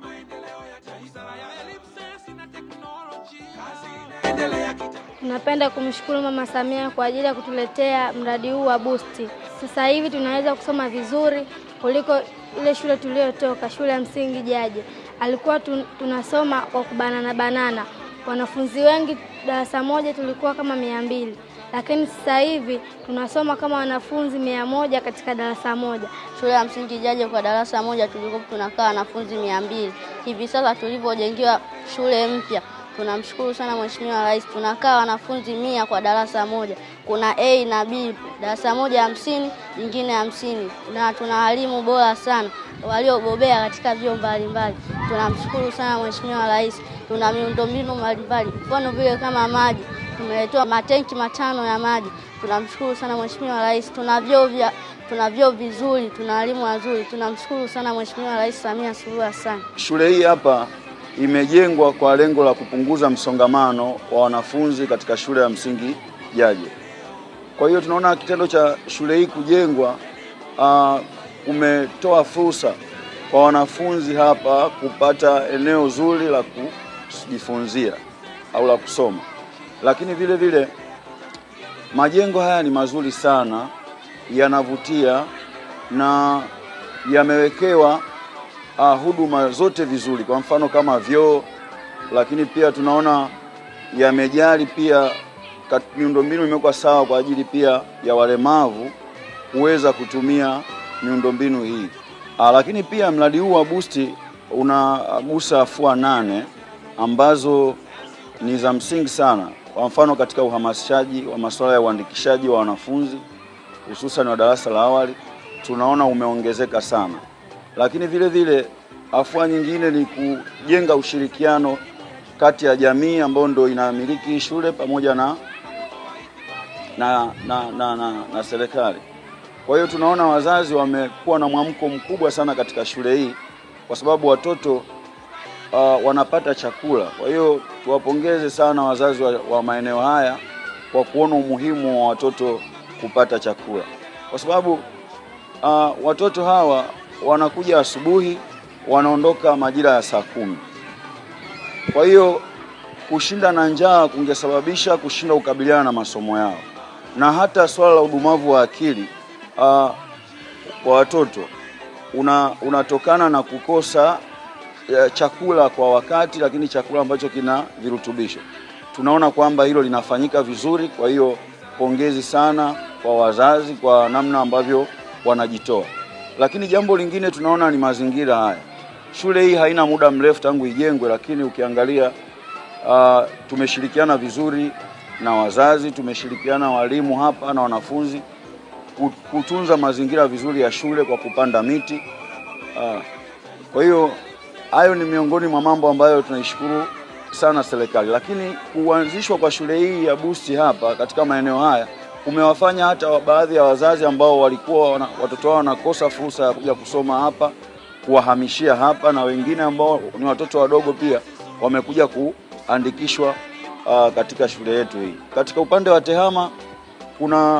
kwa maendeleo ya taifa elimu, sayansi na teknolojia. kumshukuru Mama Samia kwa ajili ya kutuletea mradi huu wa busti. Sasa hivi tunaweza kusoma vizuri kuliko ile shule tuliyotoka, shule ya msingi Jaje. Alikuwa tunasoma kwa kubanana banana, wanafunzi wengi darasa moja tulikuwa kama mia mbili lakini sasa hivi tunasoma kama wanafunzi mia moja katika darasa moja. Shule ya msingi Jaje kwa darasa moja tulikuwa tunakaa wanafunzi mia mbili. Hivi sasa tulivyojengewa shule mpya tunamshukuru sana Mheshimiwa Rais, tunakaa wanafunzi mia kwa darasa moja. Kuna A na B, darasa moja hamsini, nyingine hamsini, na tuna walimu bora sana waliobobea katika vyuo mbalimbali. Tunamshukuru sana Mheshimiwa Rais. Tuna miundombinu mbalimbali, mfano vile kama maji tumeletewa matenki matano ya maji. Tunamshukuru sana Mheshimiwa Rais. Tuna vyoo vya tuna vizuri, tuna walimu wazuri. Tunamshukuru sana Mheshimiwa Rais Samia Suluhu Hassan. Shule hii hapa imejengwa kwa lengo la kupunguza msongamano wa wanafunzi katika shule ya msingi Jaje. Kwa hiyo tunaona kitendo cha shule hii kujengwa uh, ah, umetoa fursa kwa wanafunzi hapa kupata eneo zuri la kujifunzia au la kusoma. Lakini vile vile majengo haya ni mazuri sana, yanavutia na yamewekewa uh, huduma zote vizuri, kwa mfano kama vyoo, lakini pia tunaona yamejali pia miundombinu imekuwa sawa kwa ajili pia ya walemavu kuweza kutumia miundombinu hii. Aa, ah, lakini pia mradi huu wa busti unagusa afua nane ambazo ni za msingi sana. Kwa mfano katika uhamasishaji wa masuala ya uandikishaji wa wanafunzi hususan wa darasa la awali tunaona umeongezeka sana, lakini vile vile afua nyingine ni kujenga ushirikiano kati ya jamii ambayo ndio inamiliki shule pamoja na, na, na, na, na, na serikali. Kwa hiyo tunaona wazazi wamekuwa na mwamko mkubwa sana katika shule hii kwa sababu watoto Uh, wanapata chakula. Kwa hiyo tuwapongeze sana wazazi wa, wa maeneo haya kwa kuona umuhimu wa watoto kupata chakula, kwa sababu uh, watoto hawa wanakuja asubuhi, wanaondoka majira ya saa kumi. Kwa hiyo kushinda na njaa kungesababisha kushinda kukabiliana na masomo yao, na hata swala la udumavu wa akili uh, kwa watoto una, unatokana na kukosa Eh, chakula kwa wakati, lakini chakula ambacho kina virutubisho. Tunaona kwamba hilo linafanyika vizuri. Kwa hiyo pongezi sana kwa wazazi kwa namna ambavyo wanajitoa. Lakini jambo lingine tunaona ni mazingira haya. Shule hii haina muda mrefu tangu ijengwe, lakini ukiangalia uh, tumeshirikiana vizuri na wazazi, tumeshirikiana walimu hapa na wanafunzi kutunza mazingira vizuri ya shule kwa kupanda miti uh, kwa hiyo Hayo ni miongoni mwa mambo ambayo tunaishukuru sana serikali, lakini kuanzishwa kwa shule hii ya Busti hapa katika maeneo haya umewafanya hata baadhi ya wazazi ambao walikuwa wana, watoto wao wanakosa fursa ya kuja kusoma hapa kuwahamishia hapa, na wengine ambao ni watoto wadogo pia wamekuja kuandikishwa uh, katika shule yetu hii. Katika upande wa TEHAMA kuna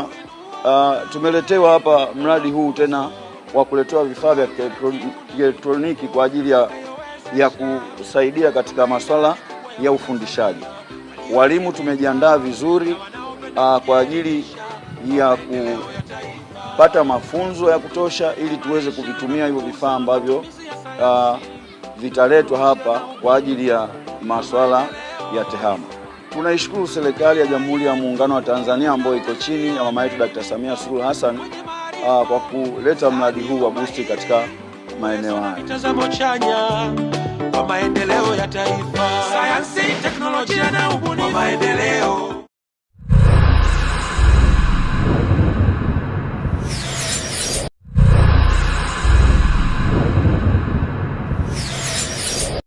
uh, tumeletewa hapa mradi huu tena wa kuletewa vifaa vya kielektroniki kwa ajili ya ya kusaidia katika masuala ya ufundishaji. Walimu tumejiandaa vizuri uh, kwa ajili ya kupata mafunzo ya kutosha ili tuweze kuvitumia hivyo vifaa ambavyo ah, vitaletwa hapa kwa ajili ya masuala ya tehama. Tunaishukuru serikali ya Jamhuri ya Muungano wa Tanzania ambayo iko chini ya mama yetu Dr. Samia Suluhu Hassan ah, kwa kuleta mradi huu wa BOOST katika maeneo hayo. Mitazamo chanya kwa maendeleo ya taifa, sayansi, teknolojia na ubunifu kwa maendeleo